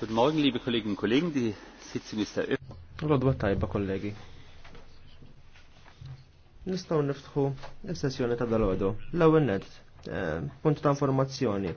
Guten Morgen, liebe Kolleginnen und Kollegen. Die Sitzung ist eröffnet. Rodwa tajba, kollegi. Nistaw niftħu il-sessjoni ta' dal-għodu. L-għawennet, eh, punt ta' informazzjoni.